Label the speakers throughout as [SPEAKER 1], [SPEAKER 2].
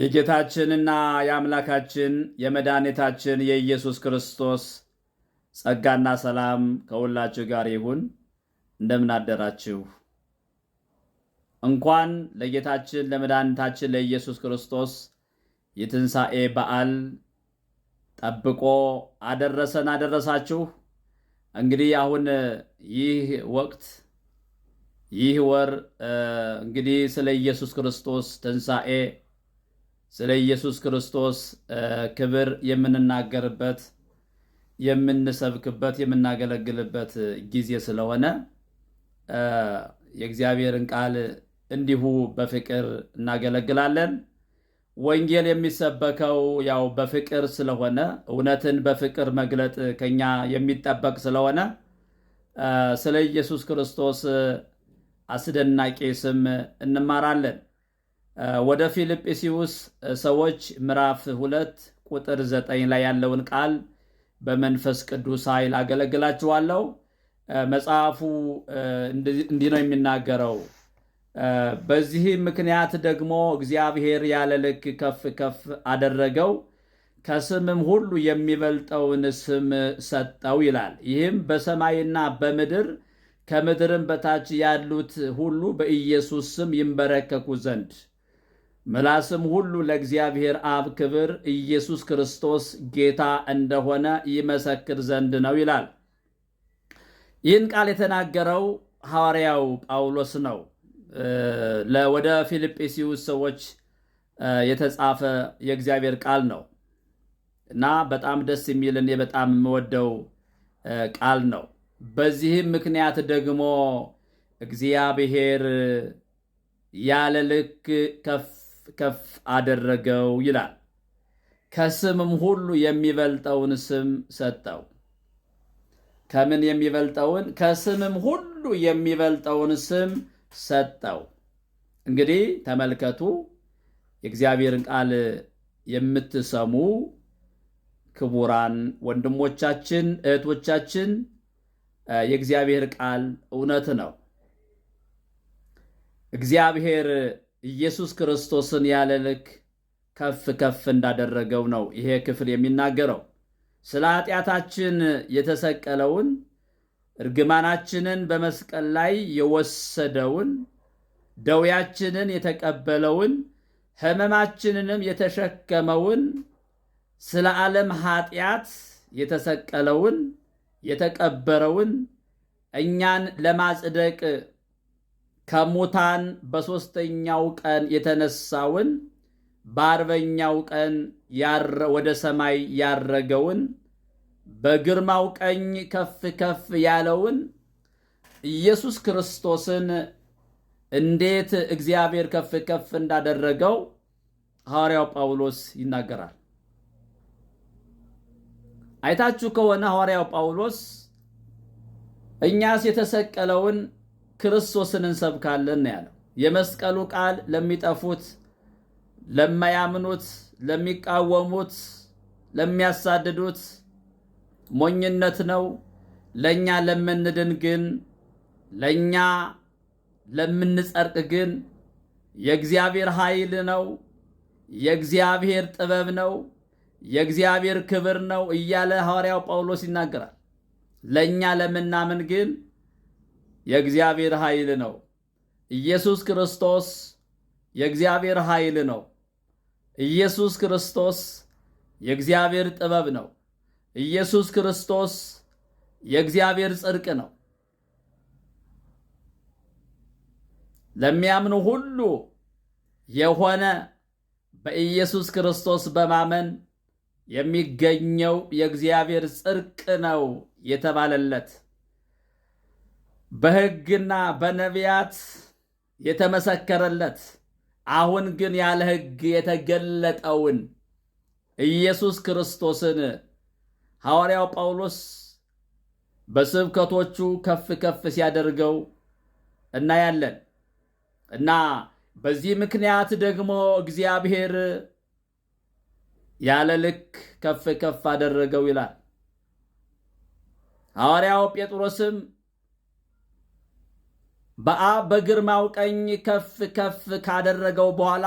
[SPEAKER 1] የጌታችንና የአምላካችን የመድኃኒታችን የኢየሱስ ክርስቶስ ጸጋና ሰላም ከሁላችሁ ጋር ይሁን። እንደምን አደራችሁ? እንኳን ለጌታችን ለመድኃኒታችን ለኢየሱስ ክርስቶስ የትንሣኤ በዓል ጠብቆ አደረሰን አደረሳችሁ። እንግዲህ አሁን ይህ ወቅት ይህ ወር እንግዲህ ስለ ኢየሱስ ክርስቶስ ትንሣኤ ስለ ኢየሱስ ክርስቶስ ክብር የምንናገርበት የምንሰብክበት የምናገለግልበት ጊዜ ስለሆነ የእግዚአብሔርን ቃል እንዲሁ በፍቅር እናገለግላለን። ወንጌል የሚሰበከው ያው በፍቅር ስለሆነ እውነትን በፍቅር መግለጥ ከኛ የሚጠበቅ ስለሆነ ስለ ኢየሱስ ክርስቶስ አስደናቂ ስም እንማራለን። ወደ ፊልጵስዩስ ሰዎች ምዕራፍ ሁለት ቁጥር ዘጠኝ ላይ ያለውን ቃል በመንፈስ ቅዱስ ኃይል አገለግላችኋለሁ። መጽሐፉ እንዲህ ነው የሚናገረው። በዚህ ምክንያት ደግሞ እግዚአብሔር ያለ ልክ ከፍ ከፍ አደረገው፣ ከስምም ሁሉ የሚበልጠውን ስም ሰጠው ይላል። ይህም በሰማይና በምድር ከምድርም በታች ያሉት ሁሉ በኢየሱስ ስም ይንበረከኩ ዘንድ ምላስም ሁሉ ለእግዚአብሔር አብ ክብር ኢየሱስ ክርስቶስ ጌታ እንደሆነ ይመሰክር ዘንድ ነው ይላል። ይህን ቃል የተናገረው ሐዋርያው ጳውሎስ ነው። ወደ ፊልጵስዩስ ሰዎች የተጻፈ የእግዚአብሔር ቃል ነው እና በጣም ደስ የሚል እኔ በጣም የምወደው ቃል ነው። በዚህም ምክንያት ደግሞ እግዚአብሔር ያለ ልክ ከፍ ከፍ አደረገው ይላል። ከስምም ሁሉ የሚበልጠውን ስም ሰጠው። ከምን የሚበልጠውን? ከስምም ሁሉ የሚበልጠውን ስም ሰጠው። እንግዲህ ተመልከቱ የእግዚአብሔርን ቃል የምትሰሙ ክቡራን ወንድሞቻችን፣ እህቶቻችን የእግዚአብሔር ቃል እውነት ነው። እግዚአብሔር ኢየሱስ ክርስቶስን ያለ ልክ ከፍ ከፍ እንዳደረገው ነው ይሄ ክፍል የሚናገረው። ስለ ኃጢአታችን የተሰቀለውን እርግማናችንን በመስቀል ላይ የወሰደውን ደዌያችንን የተቀበለውን ሕመማችንንም የተሸከመውን ስለ ዓለም ኃጢአት የተሰቀለውን የተቀበረውን እኛን ለማጽደቅ ከሙታን በሦስተኛው ቀን የተነሳውን በአርበኛው ቀን ወደ ሰማይ ያረገውን በግርማው ቀኝ ከፍ ከፍ ያለውን ኢየሱስ ክርስቶስን እንዴት እግዚአብሔር ከፍ ከፍ እንዳደረገው ሐዋርያው ጳውሎስ ይናገራል። አይታችሁ ከሆነ ሐዋርያው ጳውሎስ እኛስ የተሰቀለውን ክርስቶስን እንሰብካለን ያለው። የመስቀሉ ቃል ለሚጠፉት፣ ለማያምኑት፣ ለሚቃወሙት፣ ለሚያሳድዱት ሞኝነት ነው። ለኛ ለምንድን ግን ለኛ ለምንጸርቅ ግን የእግዚአብሔር ኃይል ነው፣ የእግዚአብሔር ጥበብ ነው፣ የእግዚአብሔር ክብር ነው እያለ ሐዋርያው ጳውሎስ ይናገራል። ለኛ ለምናምን ግን የእግዚአብሔር ኃይል ነው። ኢየሱስ ክርስቶስ የእግዚአብሔር ኃይል ነው። ኢየሱስ ክርስቶስ የእግዚአብሔር ጥበብ ነው። ኢየሱስ ክርስቶስ የእግዚአብሔር ጽድቅ ነው። ለሚያምኑ ሁሉ የሆነ በኢየሱስ ክርስቶስ በማመን የሚገኘው የእግዚአብሔር ጽድቅ ነው የተባለለት በሕግና በነቢያት የተመሰከረለት አሁን ግን ያለ ሕግ የተገለጠውን ኢየሱስ ክርስቶስን ሐዋርያው ጳውሎስ በስብከቶቹ ከፍ ከፍ ሲያደርገው እናያለን እና በዚህ ምክንያት ደግሞ እግዚአብሔር ያለ ልክ ከፍ ከፍ አደረገው ይላል ሐዋርያው ጴጥሮስም በአብ በግርማው ቀኝ ከፍ ከፍ ካደረገው በኋላ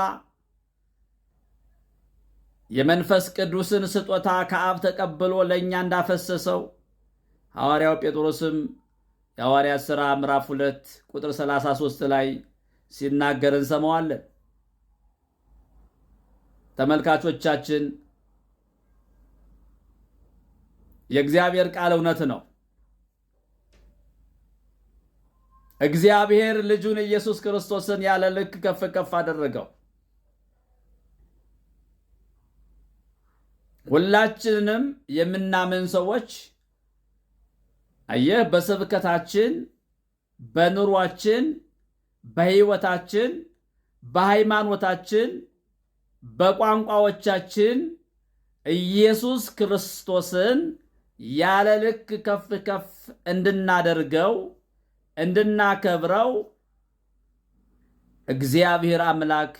[SPEAKER 1] የመንፈስ ቅዱስን ስጦታ ከአብ ተቀብሎ ለእኛ እንዳፈሰሰው ሐዋርያው ጴጥሮስም የሐዋርያት ሥራ ምዕራፍ 2 ቁጥር 33 ላይ ሲናገር እንሰማዋለን። ተመልካቾቻችን የእግዚአብሔር ቃል እውነት ነው። እግዚአብሔር ልጁን ኢየሱስ ክርስቶስን ያለ ልክ ከፍ ከፍ አደረገው። ሁላችንም የምናምን ሰዎች አየህ፣ በስብከታችን፣ በኑሯችን፣ በህይወታችን፣ በሃይማኖታችን፣ በቋንቋዎቻችን ኢየሱስ ክርስቶስን ያለ ልክ ከፍ ከፍ እንድናደርገው እንድናከብረው እግዚአብሔር አምላክ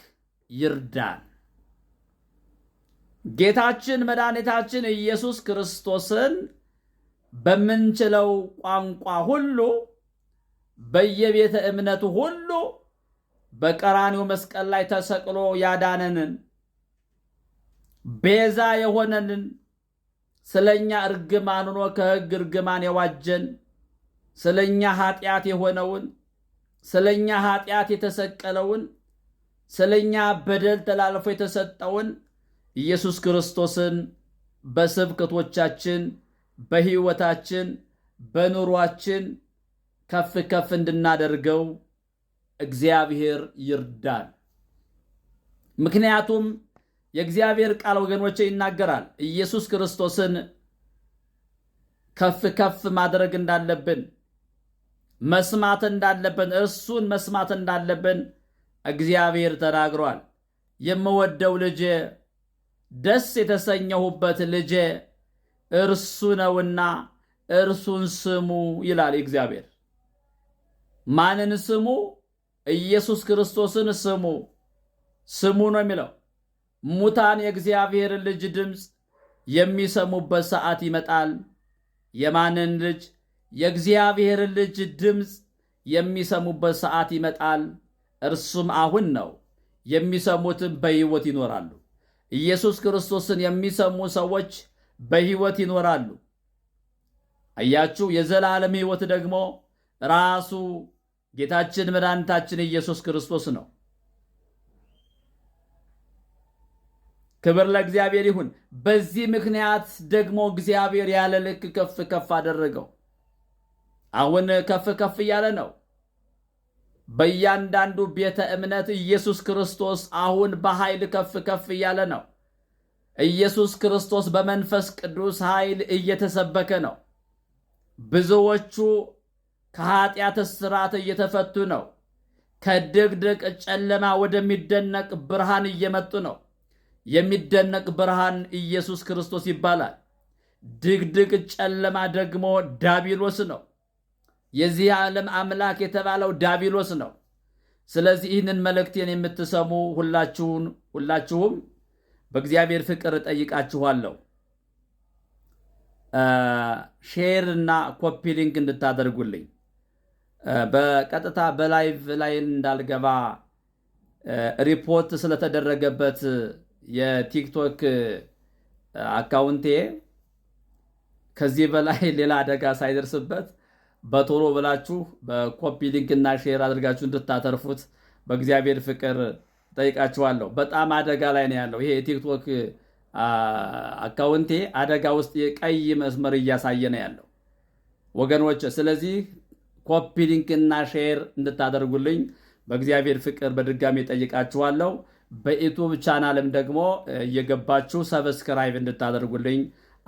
[SPEAKER 1] ይርዳን። ጌታችን መድኃኒታችን ኢየሱስ ክርስቶስን በምንችለው ቋንቋ ሁሉ በየቤተ እምነቱ ሁሉ በቀራኒው መስቀል ላይ ተሰቅሎ ያዳነንን ቤዛ የሆነንን ስለኛ እርግማን ሆኖ ከሕግ እርግማን የዋጀን ስለ እኛ ኃጢአት የሆነውን ስለ እኛ ኃጢአት የተሰቀለውን ስለ እኛ በደል ተላልፎ የተሰጠውን ኢየሱስ ክርስቶስን በስብከቶቻችን በሕይወታችን በኑሯችን ከፍ ከፍ እንድናደርገው እግዚአብሔር ይርዳል። ምክንያቱም የእግዚአብሔር ቃል ወገኖች ይናገራል። ኢየሱስ ክርስቶስን ከፍ ከፍ ማድረግ እንዳለብን መስማት እንዳለብን እርሱን መስማት እንዳለብን እግዚአብሔር ተናግሯል። የምወደው ልጄ ደስ የተሰኘሁበት ልጄ እርሱ ነውና እርሱን ስሙ ይላል እግዚአብሔር። ማንን ስሙ? ኢየሱስ ክርስቶስን ስሙ። ስሙ ነው የሚለው። ሙታን የእግዚአብሔር ልጅ ድምፅ የሚሰሙበት ሰዓት ይመጣል። የማንን ልጅ? የእግዚአብሔርን ልጅ ድምፅ የሚሰሙበት ሰዓት ይመጣል፣ እርሱም አሁን ነው። የሚሰሙትም በሕይወት ይኖራሉ። ኢየሱስ ክርስቶስን የሚሰሙ ሰዎች በሕይወት ይኖራሉ። አያችሁ፣ የዘላለም ሕይወት ደግሞ ራሱ ጌታችን መድኃኒታችን ኢየሱስ ክርስቶስ ነው። ክብር ለእግዚአብሔር ይሁን። በዚህ ምክንያት ደግሞ እግዚአብሔር ያለ ልክ ከፍ ከፍ አደረገው። አሁን ከፍ ከፍ እያለ ነው። በእያንዳንዱ ቤተ እምነት ኢየሱስ ክርስቶስ አሁን በኃይል ከፍ ከፍ እያለ ነው። ኢየሱስ ክርስቶስ በመንፈስ ቅዱስ ኃይል እየተሰበከ ነው። ብዙዎቹ ከኃጢአት እስራት እየተፈቱ ነው። ከድቅድቅ ጨለማ ወደሚደነቅ ብርሃን እየመጡ ነው። የሚደነቅ ብርሃን ኢየሱስ ክርስቶስ ይባላል። ድቅድቅ ጨለማ ደግሞ ዳቢሎስ ነው። የዚህ ዓለም አምላክ የተባለው ዳቢሎስ ነው። ስለዚህ ይህንን መልእክቴን የምትሰሙ ሁላችሁን ሁላችሁም በእግዚአብሔር ፍቅር እጠይቃችኋለሁ ሼር እና ኮፒ ሊንክ እንድታደርጉልኝ በቀጥታ በላይቭ ላይ እንዳልገባ ሪፖርት ስለተደረገበት የቲክቶክ አካውንቴ ከዚህ በላይ ሌላ አደጋ ሳይደርስበት በቶሎ ብላችሁ በኮፒ ሊንክ እና ሼር አድርጋችሁ እንድታተርፉት በእግዚአብሔር ፍቅር ጠይቃችኋለሁ። በጣም አደጋ ላይ ነው ያለው ይሄ የቲክቶክ አካውንቴ አደጋ ውስጥ የቀይ መስመር እያሳየ ነው ያለው ወገኖች። ስለዚህ ኮፒ ሊንክ እና ሼር እንድታደርጉልኝ በእግዚአብሔር ፍቅር በድጋሚ ጠይቃችኋለሁ። በዩቱብ ቻናልም ደግሞ እየገባችሁ ሰብስክራይብ እንድታደርጉልኝ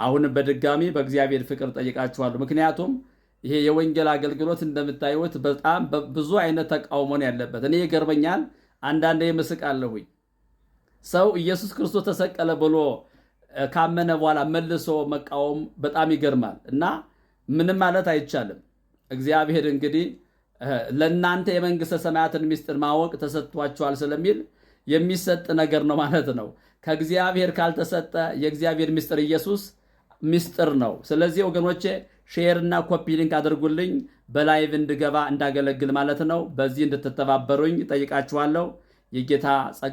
[SPEAKER 1] አሁንም በድጋሚ በእግዚአብሔር ፍቅር ጠይቃችኋለሁ። ምክንያቱም ይሄ የወንጌል አገልግሎት እንደምታዩት በጣም ብዙ አይነት ተቃውሞ ነው ያለበት። እኔ ይገርመኛል፣ አንዳንዴ ምስቃለሁኝ። ሰው ኢየሱስ ክርስቶስ ተሰቀለ ብሎ ካመነ በኋላ መልሶ መቃወም በጣም ይገርማል። እና ምንም ማለት አይቻልም። እግዚአብሔር እንግዲህ ለእናንተ የመንግሥተ ሰማያትን ምስጢር ማወቅ ተሰጥቷቸዋል ስለሚል የሚሰጥ ነገር ነው ማለት ነው። ከእግዚአብሔር ካልተሰጠ የእግዚአብሔር ምስጢር ኢየሱስ ምስጢር ነው። ስለዚህ ወገኖቼ ሼርና ኮፒ ሊንክ አድርጉልኝ በላይቭ እንድገባ እንዳገለግል ማለት ነው። በዚህ እንድትተባበሩኝ ጠይቃችኋለሁ። የጌታ ጸጋ